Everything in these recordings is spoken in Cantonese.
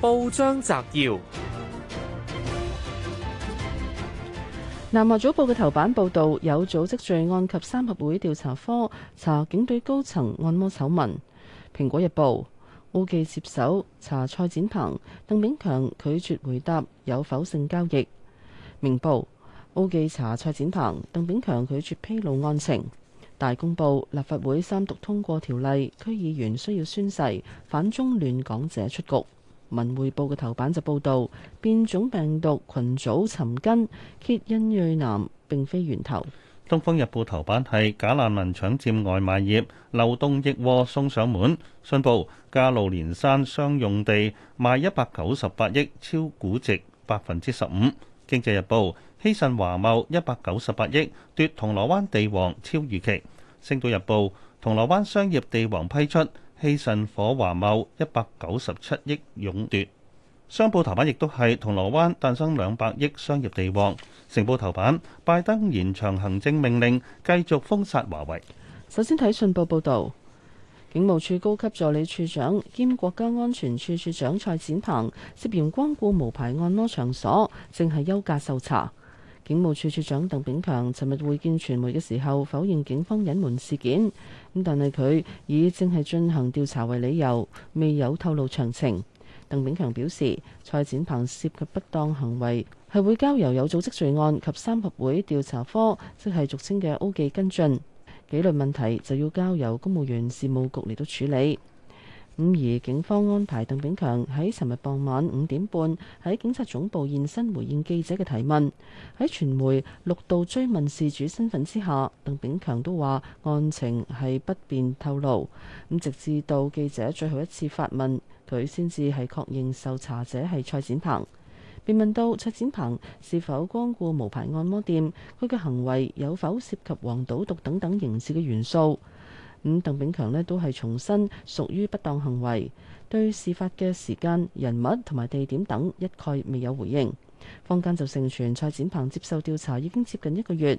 報章摘要：南華早報嘅頭版報道有組織罪案及三合會調查科查警隊高層按摩醜聞。蘋果日報奧記接手查蔡展鵬鄧炳強拒絕回答有否性交易。明報奧記查蔡展鵬鄧炳強拒絕披露案情。大公報立法會三讀通過條例，區議員需要宣誓，反中亂港者出局。文匯報嘅頭版就報道變種病毒群組尋根，揭印裔男並非源頭。東方日報頭版係假難民搶占外賣業，漏洞抑窩送上門。信報加路連山商用地賣一百九十八億，超估值百分之十五。經濟日報希慎華懋一百九十八億奪銅鑼灣地王，超預期。星島日報銅鑼灣商業地王批出。希慎火華懋一百九十七億勇奪商報頭版，亦都係銅鑼灣誕生兩百億商業地王。成報頭版，拜登延長行政命令，繼續封殺華為。首先睇信報報道，警務處高級助理處長兼國家安全處處長蔡展鵬涉嫌光顧無牌按摩場所，正係休假受查。警務處處長鄧炳強尋日會見傳媒嘅時候，否認警方隱瞞事件，咁但係佢以正係進行調查為理由，未有透露詳情。鄧炳強表示，蔡展鵬涉及不當行為，係會交由有組織罪案及三合會調查科，即係俗稱嘅 O 記跟進，紀律問題就要交由公務員事務局嚟到處理。咁而警方安排鄧炳強喺尋日傍晚五點半喺警察總部現身回應記者嘅提問，喺傳媒六度追問事主身份之下，鄧炳強都話案情係不便透露。咁直至到記者最後一次發問，佢先至係確認受查者係蔡展鵬。便問到蔡展鵬是否光顧無牌按摩店，佢嘅行為有否涉及黃賭毒等等刑事嘅元素？咁鄧炳強咧都係重申屬於不當行為，對事發嘅時間、人物同埋地點等一概未有回應。坊間就盛傳蔡展鵬接受調查已經接近一個月。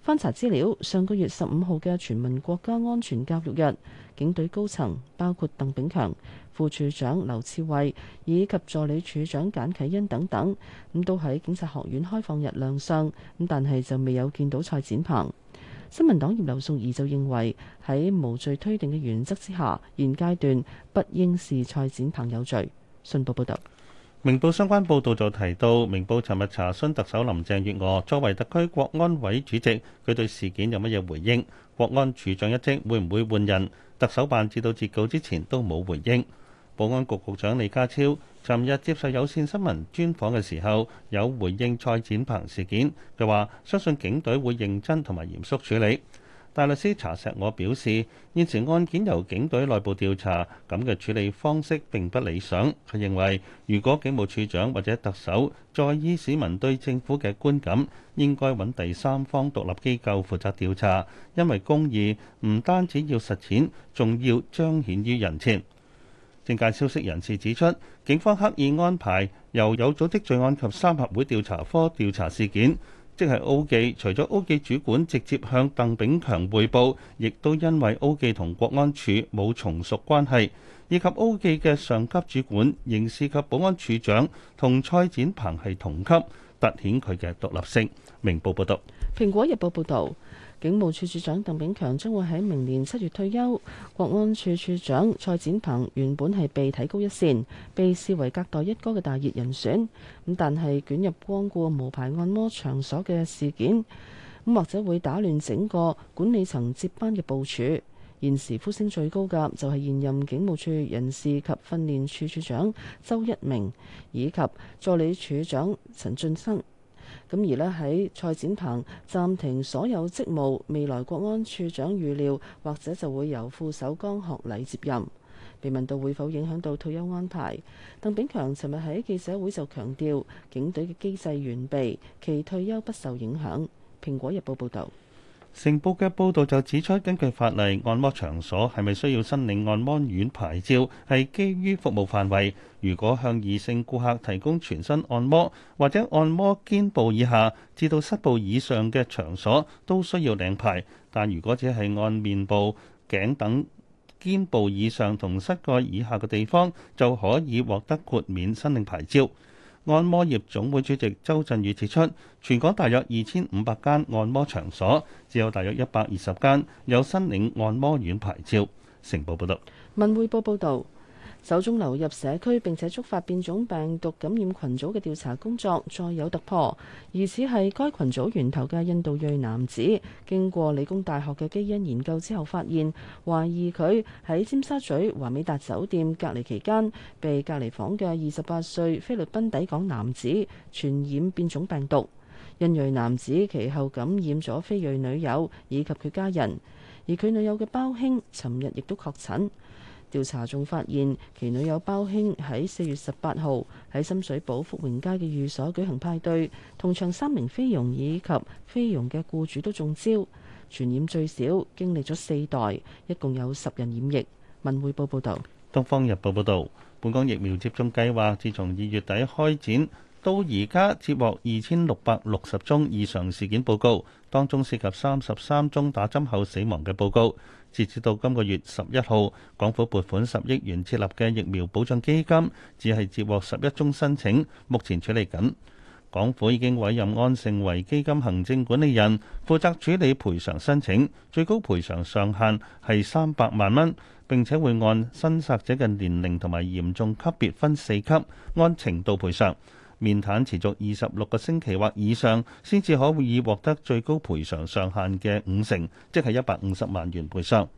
翻查資料，上個月十五號嘅全民國家安全教育日，警隊高層包括鄧炳強、副處長劉賜蕙以及助理處長簡啟恩等等，咁都喺警察學院開放日亮相，咁但係就未有見到蔡展鵬。新民黨葉劉淑儀就認為喺無罪推定嘅原則之下，現階段不應是蔡展鵬有罪。信報報導，明報相關報導就提到，明報尋日查詢特首林鄭月娥作為特區國安委主席，佢對事件有乜嘢回應？國安處長一職會唔會換人？特首辦至到截稿之前都冇回應。保安局局長李家超，尋日接受有線新聞專訪嘅時候，有回應蔡展鵬事件，佢話相信警隊會認真同埋嚴肅處理。大律師查錫我表示，現時案件由警隊內部調查，咁嘅處理方式並不理想。佢認為，如果警務處長或者特首在意市民對政府嘅觀感，應該揾第三方獨立機構負責調查，因為公義唔單止要實踐，仲要彰顯於人前。政界消息人士指出，警方刻意安排由有組織罪案及三合會調查科調查事件，即係 O 記。除咗 O 記主管直接向鄧炳強匯報，亦都因為 O 記同國安處冇從屬關係，以及 O 記嘅上級主管刑事及保安處長同蔡展鵬係同級，凸顯佢嘅獨立性。明報報道。蘋果日報報道。警務處處長鄧炳強將會喺明年七月退休，國安處處長蔡展鵬原本係被睇高一線，被視為隔代一哥嘅大熱人選，咁但係捲入光顧無牌按摩場所嘅事件，咁或者會打亂整個管理層接班嘅部署。現時呼聲最高嘅就係現任警務處人事及訓練處處長周一鳴，以及助理處長陳俊生。咁而呢，喺蔡展鵬暫停所有職務，未來國安處長預料或者就會由副手江學禮接任。被問到會否影響到退休安排，鄧炳強尋日喺記者會就強調，警隊嘅機制完備，其退休不受影響。蘋果日報報導。成報嘅報導就指出，根據法例，按摩場所係咪需要申領按摩院牌照，係基於服務範圍。如果向異性顧客提供全身按摩，或者按摩肩部以下至到膝部以上嘅場所，都需要領牌。但如果只係按面部、頸等肩部以上同膝蓋以下嘅地方，就可以獲得豁免申領牌照。按摩業總會主席周振宇指出，全港大約二千五百間按摩場所，只有大約一百二十間有申領按摩院牌照。成報報道。文匯報報導。手中流入社區並且觸發變種病毒感染群組嘅調查工作再有突破，疑似係該群組源頭嘅印度裔男子，經過理工大學嘅基因研究之後發現懷疑佢喺尖沙咀華美達酒店隔離期間被隔離房嘅二十八歲菲律賓抵港男子傳染變種病毒。印裔男子其後感染咗菲裔女友以及佢家人，而佢女友嘅胞兄尋日亦都確診。調查仲發現，其女友包兄喺四月十八號喺深水埗福榮街嘅寓所舉行派對，同場三名菲傭以及菲傭嘅雇主都中招，傳染最少經歷咗四代，一共有十人染疫。文匯報報道：《東方日報》報道，本港疫苗接種計劃自從二月底開展。到而家接獲二千六百六十宗異常事件報告，當中涉及三十三宗打針後死亡嘅報告。截至到今個月十一號，港府撥款十億元設立嘅疫苗保障基金，只係接獲十一宗申請，目前處理緊。港府已經委任安盛為基金行政管理人，負責處理賠償申請，最高賠償上限係三百萬蚊，並且會按申索者嘅年齡同埋嚴重級別分四級，按程度賠償。面癱持續二十六個星期或以上，先至可以獲得最高賠償上限嘅五成，即係一百五十萬元賠償。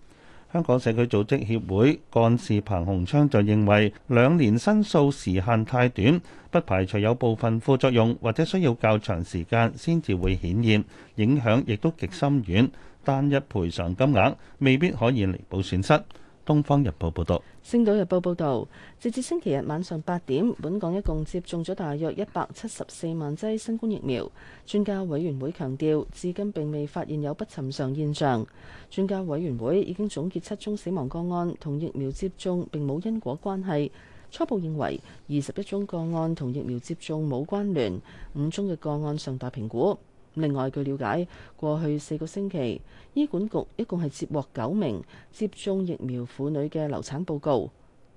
香港社區組織協會幹事彭洪昌就認為，兩年申訴時限太短，不排除有部分副作用或者需要較長時間先至會顯現，影響亦都極深遠，單一賠償金額未必可以彌補損失。《東方日報》報導，《星島日報》報導，截至星期日晚上八點，本港一共接種咗大約一百七十四萬劑新冠疫苗。專家委員會強調，至今並未發現有不尋常現象。專家委員會已經總結七宗死亡個案，同疫苗接種並冇因果關係。初步認為二十一宗個案同疫苗接種冇關聯，五宗嘅個案尚待評估。另外據了解，過去四個星期，醫管局一共係接獲九名接種疫苗婦女嘅流產報告，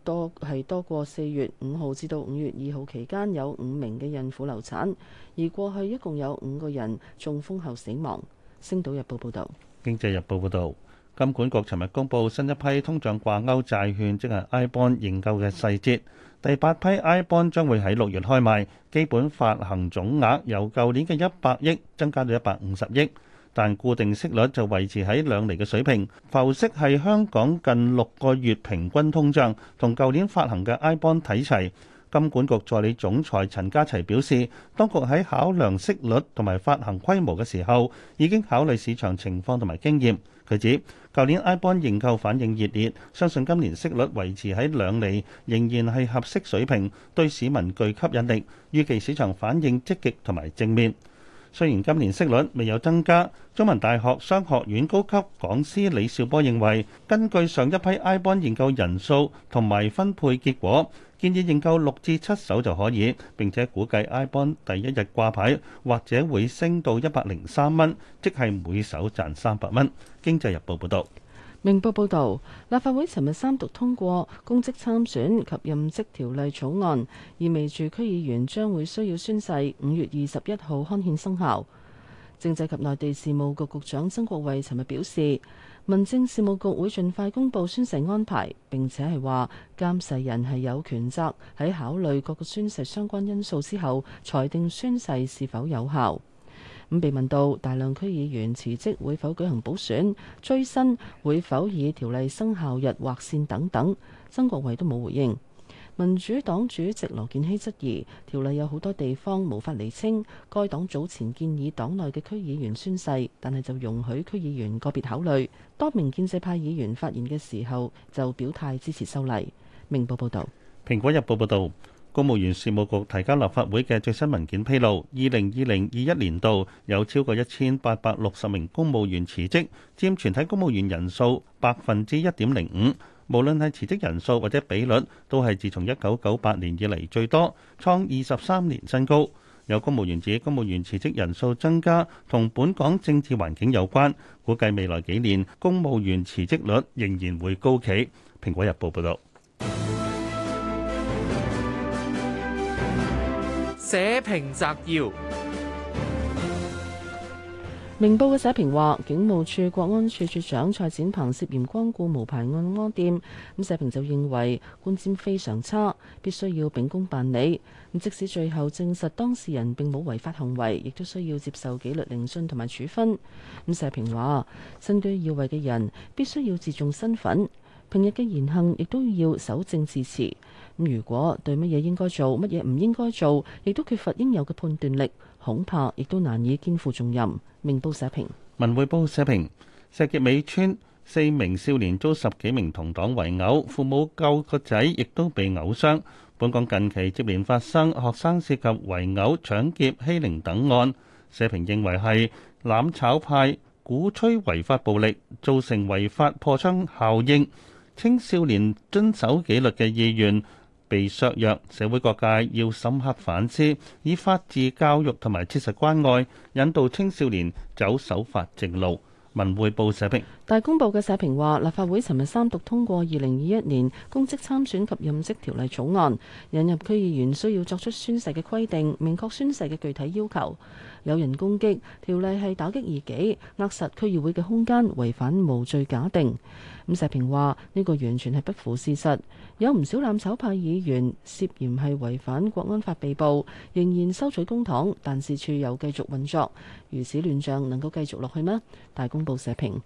多係多過四月五號至到五月二號期間有五名嘅孕婦流產，而過去一共有五個人中風後死亡。星島日報報導。經濟日報報導。金管局尋日公布新一批通脹掛鈎債券，即係 iBond 研究嘅細節。第八批 iBond 將會喺六月開賣，基本發行總額由舊年嘅一百億增加到一百五十億，但固定息率就維持喺兩厘嘅水平。浮息係香港近六個月平均通脹，同舊年發行嘅 iBond 睇齊。金管局助理總裁陳家齊表示，當局喺考量息率同埋發行規模嘅時候，已經考慮市場情況同埋經驗。佢指，舊年 iBond 認購反應熱烈，相信今年息率維持喺兩厘，仍然係合適水平，對市民具吸引力，預期市場反應積極同埋正面。雖然今年息率未有增加，中文大學商學院高級講師李兆波認為，根據上一批 IPO 研究人數同埋分配結果，建議研究六至七手就可以。並且估計 IPO 第一日掛牌或者會升到一百零三蚊，即係每手賺三百蚊。經濟日報報導。明報報導，立法會尋日三讀通過公職參選及任職條例草案，意味住區議員將會需要宣誓，五月二十一號刊憲生效。政制及內地事務局局長曾國衛尋日表示，民政事務局會盡快公布宣誓安排。並且係話，監誓人係有權責喺考慮各個宣誓相關因素之後，裁定宣誓是否有效。咁被問到大量區議員辭職會否舉行補選、追薪會否以條例生效日劃線等等，曾國衛都冇回應。民主黨主席羅健熙質疑條例有好多地方無法釐清，該黨早前建議黨內嘅區議員宣誓，但係就容許區議員個別考慮。多名建制派議員發言嘅時候就表態支持修例。明報報道。蘋果日報報道。公務員事務局提交立法會嘅最新文件披露，二零二零二一年度有超過一千八百六十名公務員辭職，佔全體公務員人數百分之一點零五。無論係辭職人數或者比率，都係自從一九九八年以嚟最多，創二十三年新高。有公務員指公務員辭職人數增加，同本港政治環境有關，估計未來幾年公務員辭職率仍然會高企。《蘋果日報》報導。社評摘要：明報嘅社評話，警務處國安處處長蔡展鵬涉嫌光顧無牌按摩店，咁社評就認為觀瞻非常差，必須要秉公辦理。咁即使最後證實當事人並冇違法行為，亦都需要接受紀律聆訊同埋處分。咁社評話，身居要位嘅人必須要自重身份。平日嘅言行亦都要守正自持。咁如果對乜嘢應該做，乜嘢唔應該做，亦都缺乏應有嘅判斷力，恐怕亦都難以肩負重任。明報社評。文匯報社評，石硤尾村四名少年遭十幾名同黨圍毆，父母救個仔亦都被毆傷。本港近期接連發生學生涉及圍毆、搶劫、欺凌等案，社評認為係攬炒派鼓吹違法暴力，造成違法破窗效應。青少年遵守紀律嘅意願被削弱，社會各界要深刻反思，以法治教育同埋切實關愛，引導青少年走守法正路。文匯報社評，大公報嘅社評話：立法會尋日三讀通過《二零二一年公職參選及任職條例草案》，引入區議員需要作出宣誓嘅規定，明確宣誓嘅具體要求。有人攻擊條例係打擊異己，扼殺區議會嘅空間，違反無罪假定。咁石平話：呢個完全係不符事實，有唔少攬炒派議員涉嫌係違反國安法被捕，仍然收取公帑，辦事處又繼續運作，如此亂象能夠繼續落去嗎？大公報社評，《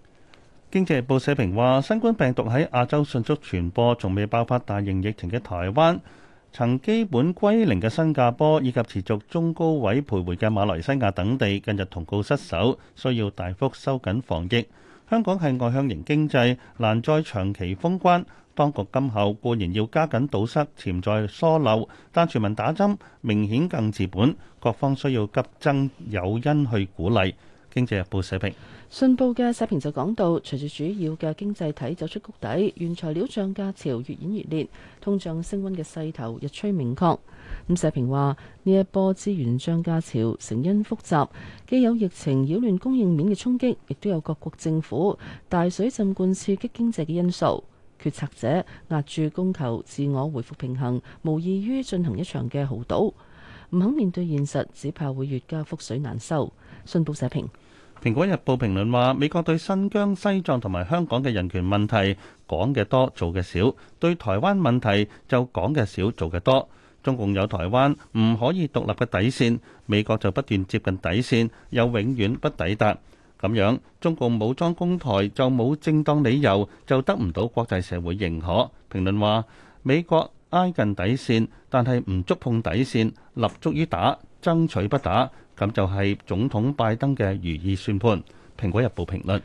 經濟日報》社評話：新冠病毒喺亞洲迅速傳播，仲未爆發大型疫情嘅台灣，曾基本歸零嘅新加坡以及持續中高位徘徊嘅馬來西亞等地，近日同告失守，需要大幅收緊防疫。香港係外向型經濟，難再長期封關。當局今後固然要加緊堵塞潛在疏漏，但全民打針明顯更治本。各方需要急增誘因去鼓勵。《經濟日報》社評，信報嘅社評就講到，隨住主要嘅經濟體走出谷底，原材料漲價潮越演越烈，通脹升溫嘅勢頭日趨明確。咁社評話，呢一波資源漲價潮成因複雜，既有疫情擾亂供應鏈嘅衝擊，亦都有各國政府大水浸灌刺激經濟嘅因素。決策者壓住供求，自我回復平衡，無異於進行一場嘅豪賭。唔肯面對現實，只怕會越加覆水難收。信報社評，《蘋果日報》評論話：美國對新疆、西藏同埋香港嘅人權問題講嘅多，做嘅少；對台灣問題就講嘅少，做嘅多。中共有台灣唔可以獨立嘅底線，美國就不斷接近底線，又永遠不抵達。咁樣，中共武裝攻台就冇正當理由，就得唔到國際社會認可。評論話：美國。挨近底線，但係唔觸碰底線，立足於打，爭取不打，咁就係總統拜登嘅如意算盤，蘋果日報評論。